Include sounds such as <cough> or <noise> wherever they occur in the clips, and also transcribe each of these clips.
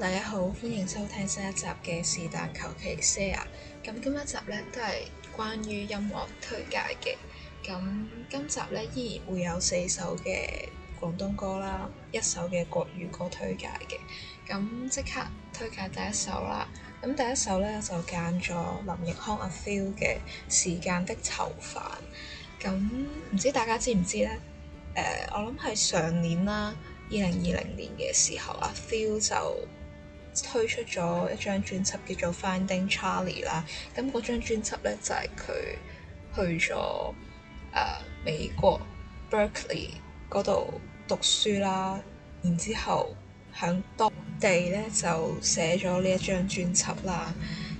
大家好，歡迎收聽新一集嘅是但求其些牙。咁今一集咧都係關於音樂推介嘅。咁今集咧依然會有四首嘅廣東歌啦，一首嘅國語歌推介嘅。咁即刻推介第一首啦。咁第一首咧就揀咗林奕匡阿 Phil 嘅《時間的囚犯》。咁唔知大家知唔知咧？誒、呃，我諗係上年啦，二零二零年嘅時候，阿 Phil 就。推出咗一張專輯叫做《Finding Charlie》啦，咁嗰張專輯呢就係佢去咗誒、呃、美國 Berkeley 嗰度讀書啦，然之後響當地呢，就寫咗呢一張專輯啦。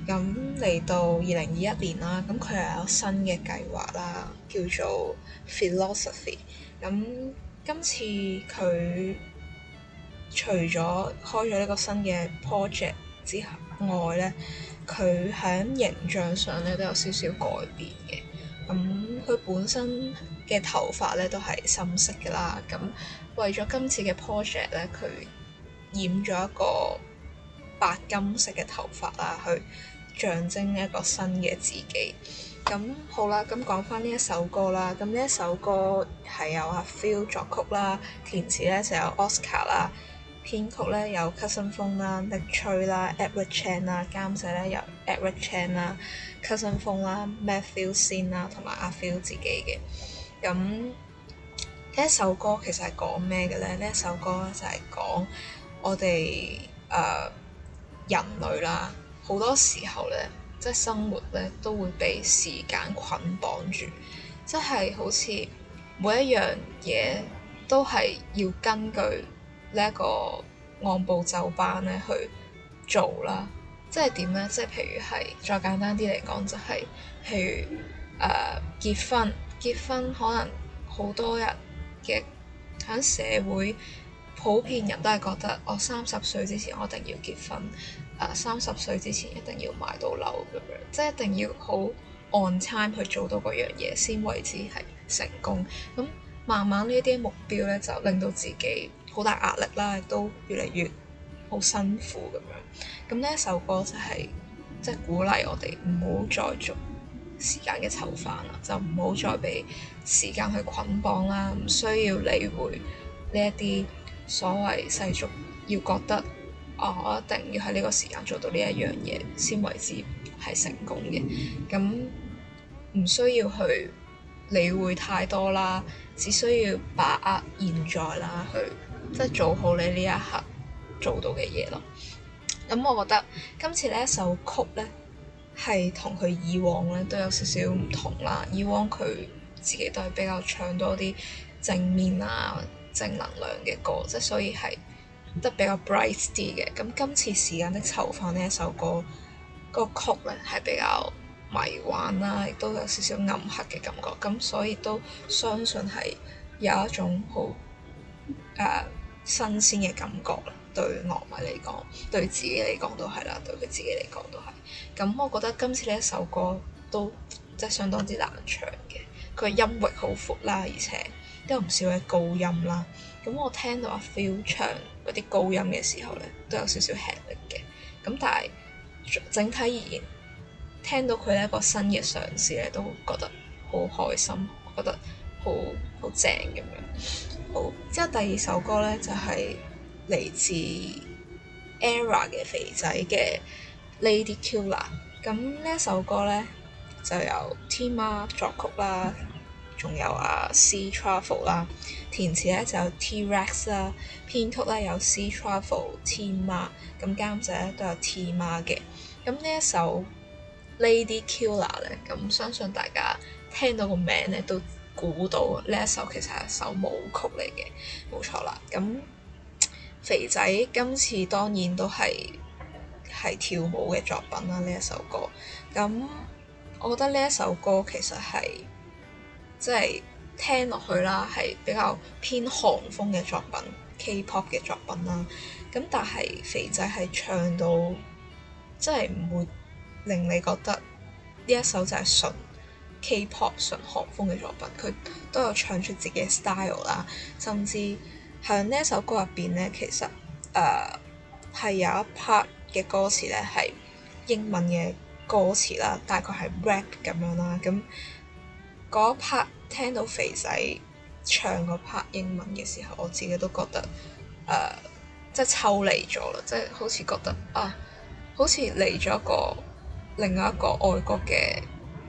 咁嚟到二零二一年啦，咁佢又有新嘅計劃啦，叫做《Philosophy》。咁今次佢。除咗開咗呢個新嘅 project 之外呢，佢喺形象上呢都有少少改變嘅。咁、嗯、佢本身嘅頭髮呢都係深色嘅啦。咁、嗯、為咗今次嘅 project 呢，佢染咗一個白金色嘅頭髮啦，去象徵一個新嘅自己。咁、嗯、好啦，咁、嗯、講翻呢一首歌啦。咁、嗯、呢一首歌係由阿 Phil 作曲啦，填詞呢就由 Oscar 啦。編曲咧有 Cousin 風啦、力吹啦、Edward Chan 啦，監製咧有 Edward Chan 啦、Cousin 風啦、Matthew Sin 啦，同埋阿 Phil 自己嘅。咁呢一首歌其實係講咩嘅咧？呢一首歌就係講我哋誒、呃、人類啦，好多時候咧，即係生活咧都會被時間捆綁住，即係好似每一樣嘢都係要根據。呢一個按部就班咧去做啦，即係點咧？即係譬如係再簡單啲嚟講，就係譬如誒結婚，結婚可能好多人嘅響社會普遍人都係覺得，我三十歲之前我一定要結婚，誒三十歲之前一定要買到樓咁樣，即係一定要好 on time 去做到嗰樣嘢先為之係成功。咁慢慢呢啲目標咧，就令到自己。好大壓力啦，都越嚟越好辛苦咁樣。咁呢一首歌就係即係鼓勵我哋唔好再做時間嘅囚犯啦，就唔好再俾時間去捆綁啦，唔需要理會呢一啲所謂世俗要覺得哦，我一定要喺呢個時間做到呢一樣嘢先為之係成功嘅。咁唔需要去理會太多啦，只需要把握現在啦，去。即係做好你呢一刻做到嘅嘢咯。咁我覺得今次呢首曲呢，係同佢以往呢都有少少唔同啦。以往佢自己都係比較唱多啲正面啊正能量嘅歌，即係所以係得比較 bright 啲嘅。咁今次時間的囚犯呢一首歌，個曲呢係比較迷幻啦，啊，亦都有少少暗黑嘅感覺。咁所以都相信係有一種好誒。呃新鮮嘅感覺啦，對樂迷嚟講，對自己嚟講都係啦，對佢自己嚟講都係。咁我覺得今次呢一首歌都即係相當之難唱嘅，佢嘅音域好闊啦，而且都有唔少嘅高音啦。咁我聽到阿、啊、Phil 唱嗰啲高音嘅時候呢，都有少少吃力嘅。咁但係整體而言，聽到佢一、呢個新嘅嘗試呢，都覺得好開心，我覺得。好好正，咁樣好，之後第二首歌咧就係、是、嚟自 Error 嘅肥仔嘅《Lady Killa》。咁呢一首歌咧就有 Tima 作曲啦，仲有啊 C Travel 啦，填詞咧就有 T Rex 啦，編曲咧有 C Travel Tima，咁監製咧都有 Tima 嘅。咁呢一首《Lady Killa》咧，咁相信大家聽到個名咧都～估到呢一首其實係一首舞曲嚟嘅，冇錯啦。咁肥仔今次當然都係係跳舞嘅作品啦，呢一首歌。咁我覺得呢一首歌其實係即係聽落去啦，係比較偏韓風嘅作品，K-pop 嘅作品啦。咁但係肥仔係唱到即係唔會令你覺得呢一首就係純 K-pop 純韓風嘅作品，佢都有唱出自己嘅 style 啦，甚至喺呢一首歌入邊咧，其實誒係、呃、有一 part 嘅歌詞咧係英文嘅歌詞啦，大概係 rap 咁樣啦，咁嗰 part 聽到肥仔唱嗰 part 英文嘅時候，我自己都覺得誒、呃、即係抽離咗啦，即係好似覺得啊，好似嚟咗一個另外一個外國嘅。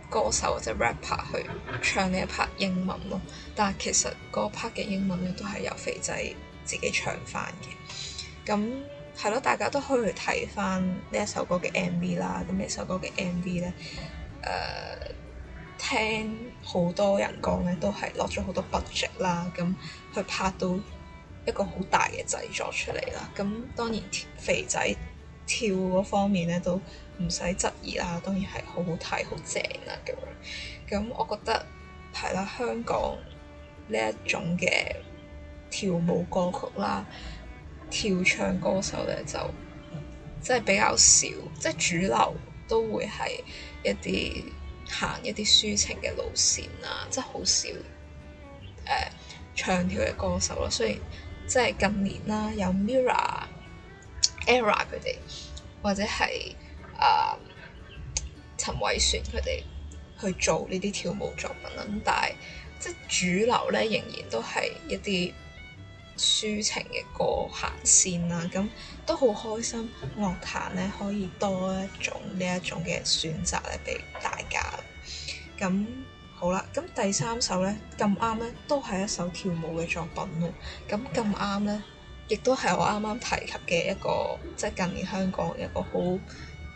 歌手或者 rapper 去唱呢一 part 英文咯，但係其實嗰 part 嘅英文咧都係由肥仔自己唱翻嘅。咁係咯，大家都可以去睇翻呢一首歌嘅 MV 啦。咁呢首歌嘅 MV 咧，誒、呃，聽好多人講咧都係落咗好多 budget 啦，咁去拍到一個好大嘅製作出嚟啦。咁當然肥仔跳嗰方面咧都～唔使質疑啦，當然係好好睇、好正啦咁樣。咁我覺得係啦，香港呢一種嘅跳舞歌曲啦、跳唱歌手咧，就即係、就是、比較少，即、就、係、是、主流都會係一啲行一啲抒情嘅路線啦，即係好少誒、呃、唱跳嘅歌手咯。雖然即係近年啦，有 m i r r o r Era 佢哋或者係。啊、呃，陳偉璇佢哋去做呢啲跳舞作品啦。咁但係即係主流咧，仍然都係一啲抒情嘅歌行先啦。咁都好開心，樂壇咧可以多一種呢一種嘅選擇咧，俾大家。咁好啦，咁第三首咧咁啱咧，都係一首跳舞嘅作品咯。咁咁啱咧，亦都係我啱啱提及嘅一個，即係近年香港一個好。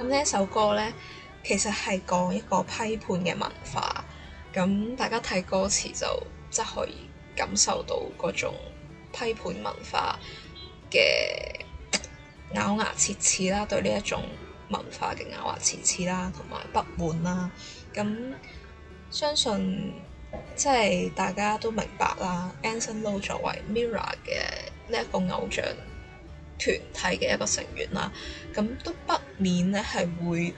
咁呢一首歌呢，其實係講一個批判嘅文化。咁大家睇歌詞就即係可以感受到嗰種批判文化嘅咬牙切齒啦，對呢一種文化嘅咬牙切齒啦，同埋不滿啦。咁相信即係大家都明白啦。 <noise> Anson Lo 作為 Mirror 嘅呢一個偶像團體嘅一個成員啦，咁都不面咧係會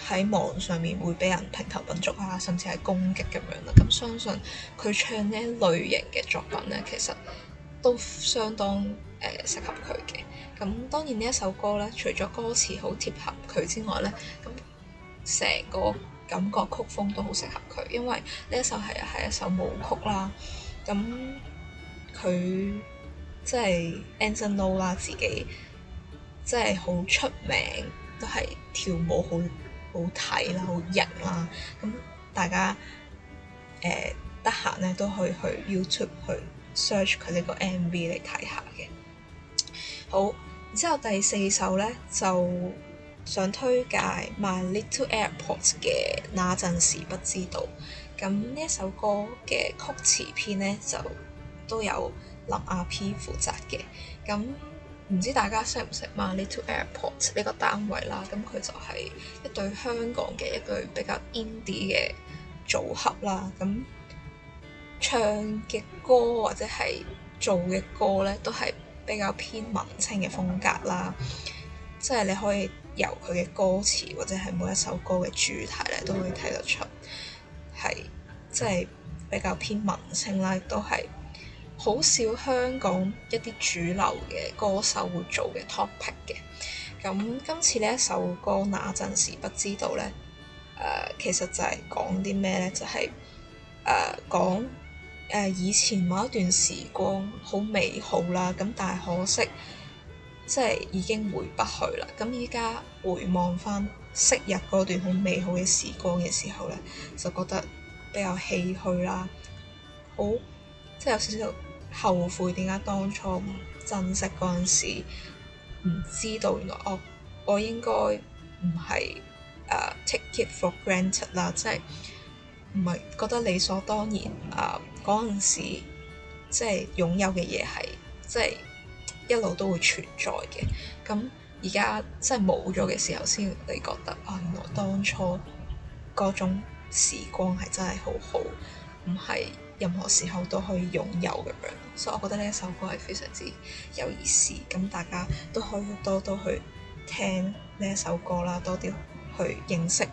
喺網上面會俾人評頭品足啊，甚至係攻擊咁樣啦。咁相信佢唱呢類型嘅作品呢，其實都相當誒適、呃、合佢嘅。咁當然呢一首歌呢，除咗歌詞好貼合佢之外呢，咁成個感覺曲風都好適合佢，因為呢一首係係一首舞曲啦。咁佢即係 Anson Lo 啦，自己即係好出名。都係跳舞好好睇啦，好型啦！咁大家誒得閒咧，都可以去 YouTube 去 search 佢呢個 M V 嚟睇下嘅。好，然之後第四首咧，就想推介 My Little Airport 嘅那陣時不知道。咁呢一首歌嘅曲詞編咧，就都有林阿 P 負責嘅。咁唔知大家識唔識嘛？Little Airport 呢個單位啦，咁佢就係一對香港嘅一對比較 indie 嘅組合啦。咁唱嘅歌或者係做嘅歌咧，都係比較偏文青嘅風格啦。即係你可以由佢嘅歌詞或者係每一首歌嘅主題咧，都可以睇得出係即係比較偏文青啦，亦都係，好少香港一啲主流嘅歌手會做嘅 topic 嘅，咁今次呢一首歌那陣時不知道呢、呃，其實就係講啲咩呢？就係誒講以前某一段時光好美好啦，咁但係可惜即係已經回不去啦。咁而家回望翻昔日嗰段好美好嘅時光嘅時候呢，就覺得比較唏噓啦，好、哦、即係有少少。後悔點解當初唔珍惜嗰陣時，唔知道原來我我應該唔係誒 take it for granted 啦，即係唔係覺得理所當然啊？嗰、uh, 陣時即係擁有嘅嘢係即係一路都會存在嘅，咁而家即係冇咗嘅時候先你覺得啊，原來當初嗰種時光係真係好好，唔係。任何時候都可以擁有咁樣，所以我覺得呢一首歌係非常之有意思，咁大家都可以多多去聽呢一首歌啦，多啲去認識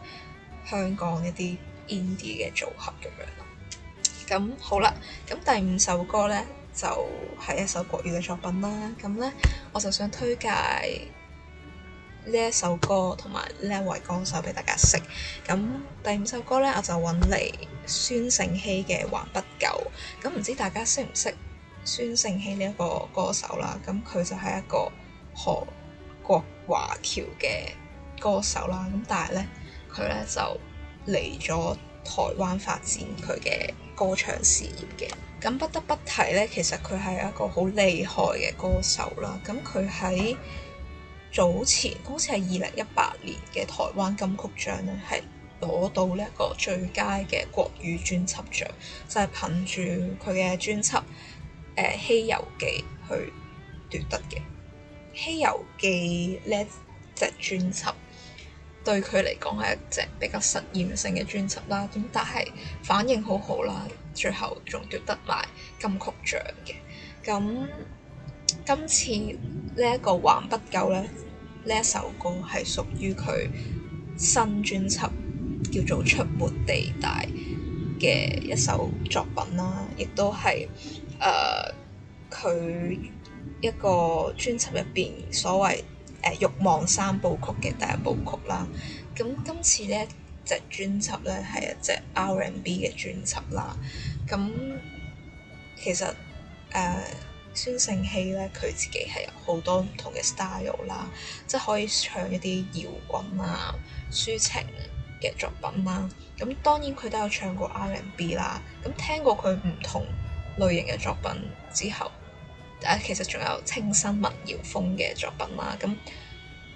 香港一啲 indie 嘅組合咁樣咯。咁好啦，咁第五首歌呢，就係一首國語嘅作品啦。咁呢，我就想推介。呢一首歌同埋呢一位歌手俾大家識，咁第五首歌呢，我就揾嚟孫盛希嘅還不夠。咁唔知大家識唔識孫盛希呢一個歌手啦？咁佢就係一個韓國華僑嘅歌手啦。咁但係呢，佢呢就嚟咗台灣發展，佢嘅歌唱事業嘅。咁不得不提呢，其實佢係一個好厲害嘅歌手啦。咁佢喺早前好似係二零一八年嘅台灣金曲獎咧，係攞到呢一個最佳嘅國語專輯獎，就係憑住佢嘅專輯《誒西遊記》去奪得嘅。《西遊記》呢一隻專輯對佢嚟講係一隻比較實驗性嘅專輯啦，咁但係反應好好啦，最後仲奪得埋金曲獎嘅。咁今次呢一個還不夠咧。呢一首歌係屬於佢新專輯叫做《出沒地帶》嘅一首作品啦，亦都係誒佢一個專輯入邊所謂誒慾望三部曲嘅第一部曲啦。咁今次呢專輯一隻專輯咧係一隻 R&B 嘅專輯啦。咁其實誒。呃孫盛希咧，佢自己係有好多唔同嘅 style 啦，即係可以唱一啲搖滾啊、抒情嘅作品啦、啊。咁當然佢都有唱過 R&B 啦。咁聽過佢唔同類型嘅作品之後，誒其實仲有清新民謠風嘅作品啦。咁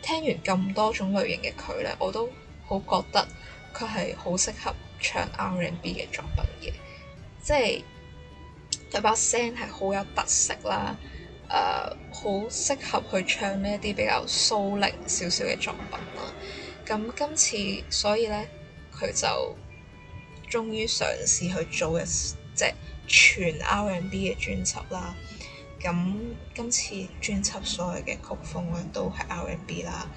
聽完咁多種類型嘅佢咧，我都好覺得佢係好適合唱 R&B 嘅作品嘅，即係。佢把聲係好有特色啦，誒好適合去唱呢一啲比較抒力少少嘅作品啦。咁今次所以呢，佢就終於嘗試去做一隻全 R&B 嘅專輯啦。咁今次專輯所有嘅曲風咧都係 R&B 啦，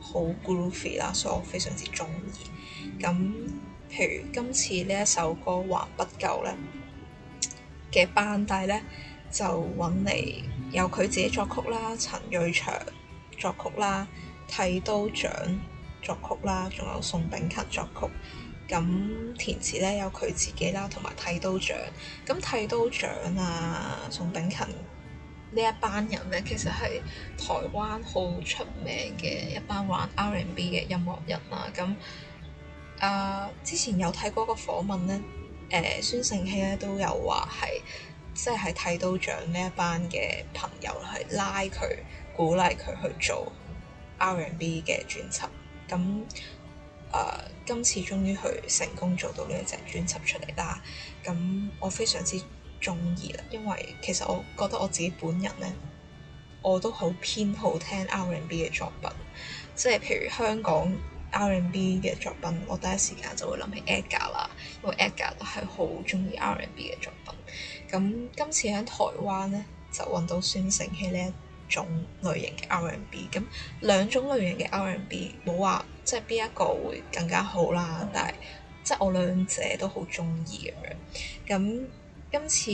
好 groovy 啦，所以我非常之中意。咁譬如今次呢一首歌還不夠呢。嘅班底咧就揾嚟由佢自己作曲啦，陳瑞祥作曲啦，剃刀獎作曲啦，仲有宋炳勤作曲。咁填詞咧有佢自己啦，同埋剃刀獎。咁剃刀獎啊，宋炳勤呢一班人咧，其實係台灣好出名嘅一班玩 R&B 嘅音樂人啊。咁啊、呃，之前有睇過個訪問咧。誒、呃，孫盛希咧都有話係，即係睇到獎呢一班嘅朋友係拉佢、鼓勵佢去做 R&B 嘅專輯。咁、呃、今次終於佢成功做到呢一隻專輯出嚟啦。咁我非常之中意啦，因為其實我覺得我自己本人呢，我都好偏好聽 R&B 嘅作品，即係譬如香港。R&B 嘅作品，我第一時間就會諗起 Edgar 啦，因為 Edgar 係好中意 R&B 嘅作品。咁今次喺台灣咧，就揾到孫盛希呢一種類型嘅 R&B。咁兩種類型嘅 R&B，冇話即係邊一個會更加好啦，但係即係我兩者都好中意咁樣。咁今次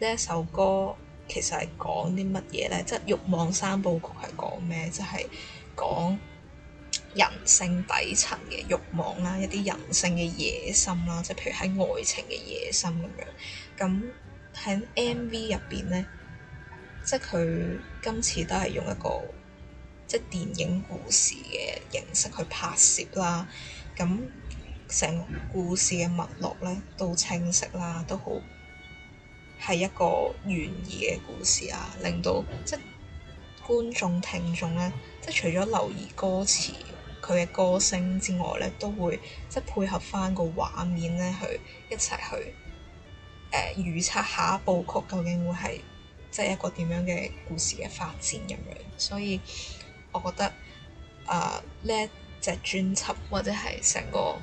呢一首歌其實係講啲乜嘢咧？即係慾望三部曲係講咩？即係講。人性底層嘅慾望啦，一啲人性嘅野心啦，即係譬如喺愛情嘅野心咁樣。咁喺 MV 入邊咧，即係佢今次都係用一個即係電影故事嘅形式去拍攝啦。咁成個故事嘅脈絡咧都清晰啦，都好係一個懸疑嘅故事啊，令到即係觀眾聽眾咧，即係除咗留意歌詞。佢嘅歌聲之外咧，都會即係配合翻個畫面咧，去一齊去誒預測下一部曲究竟會係即係一個點樣嘅故事嘅發展咁樣。所以我覺得誒呢、呃、一隻專輯或者係成個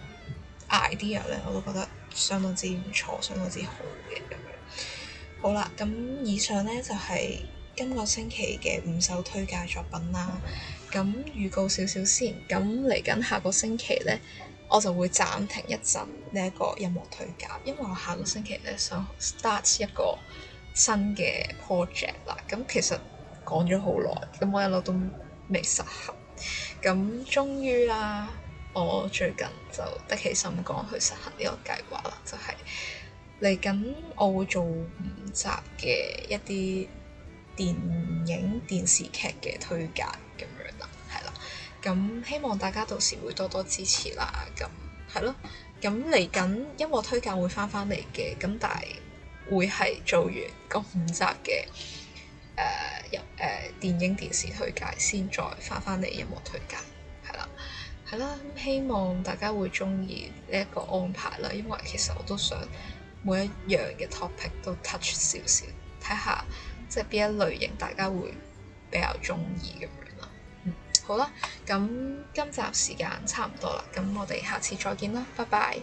idea 咧，我都覺得相當之唔錯，相當之好嘅咁樣。好啦，咁以上咧就係、是、今個星期嘅五首推介作品啦。嗯。咁預告少少先，咁嚟緊下個星期咧，我就會暫停一陣呢一個音樂推介，因為我下個星期咧想 start 一個新嘅 project 啦。咁其實講咗好耐，咁我一路都未實行。咁終於啦，我最近就得起心肝去實行呢個計劃啦，就係嚟緊我會做五集嘅一啲電影、電視劇嘅推介咁樣。咁希望大家到時會多多支持啦，咁係咯。咁嚟緊音樂推介會翻返嚟嘅，咁但係會係做完個五集嘅，誒入誒電影電視推介先，再翻返嚟音樂推介，係啦，係啦，咁希望大家會中意呢一個安排啦，因為其實我都想每一樣嘅 topic 都 touch 少少，睇下即係邊一類型大家會比較中意咁樣。好啦，咁今集時間差唔多啦，咁我哋下次再見啦，拜拜。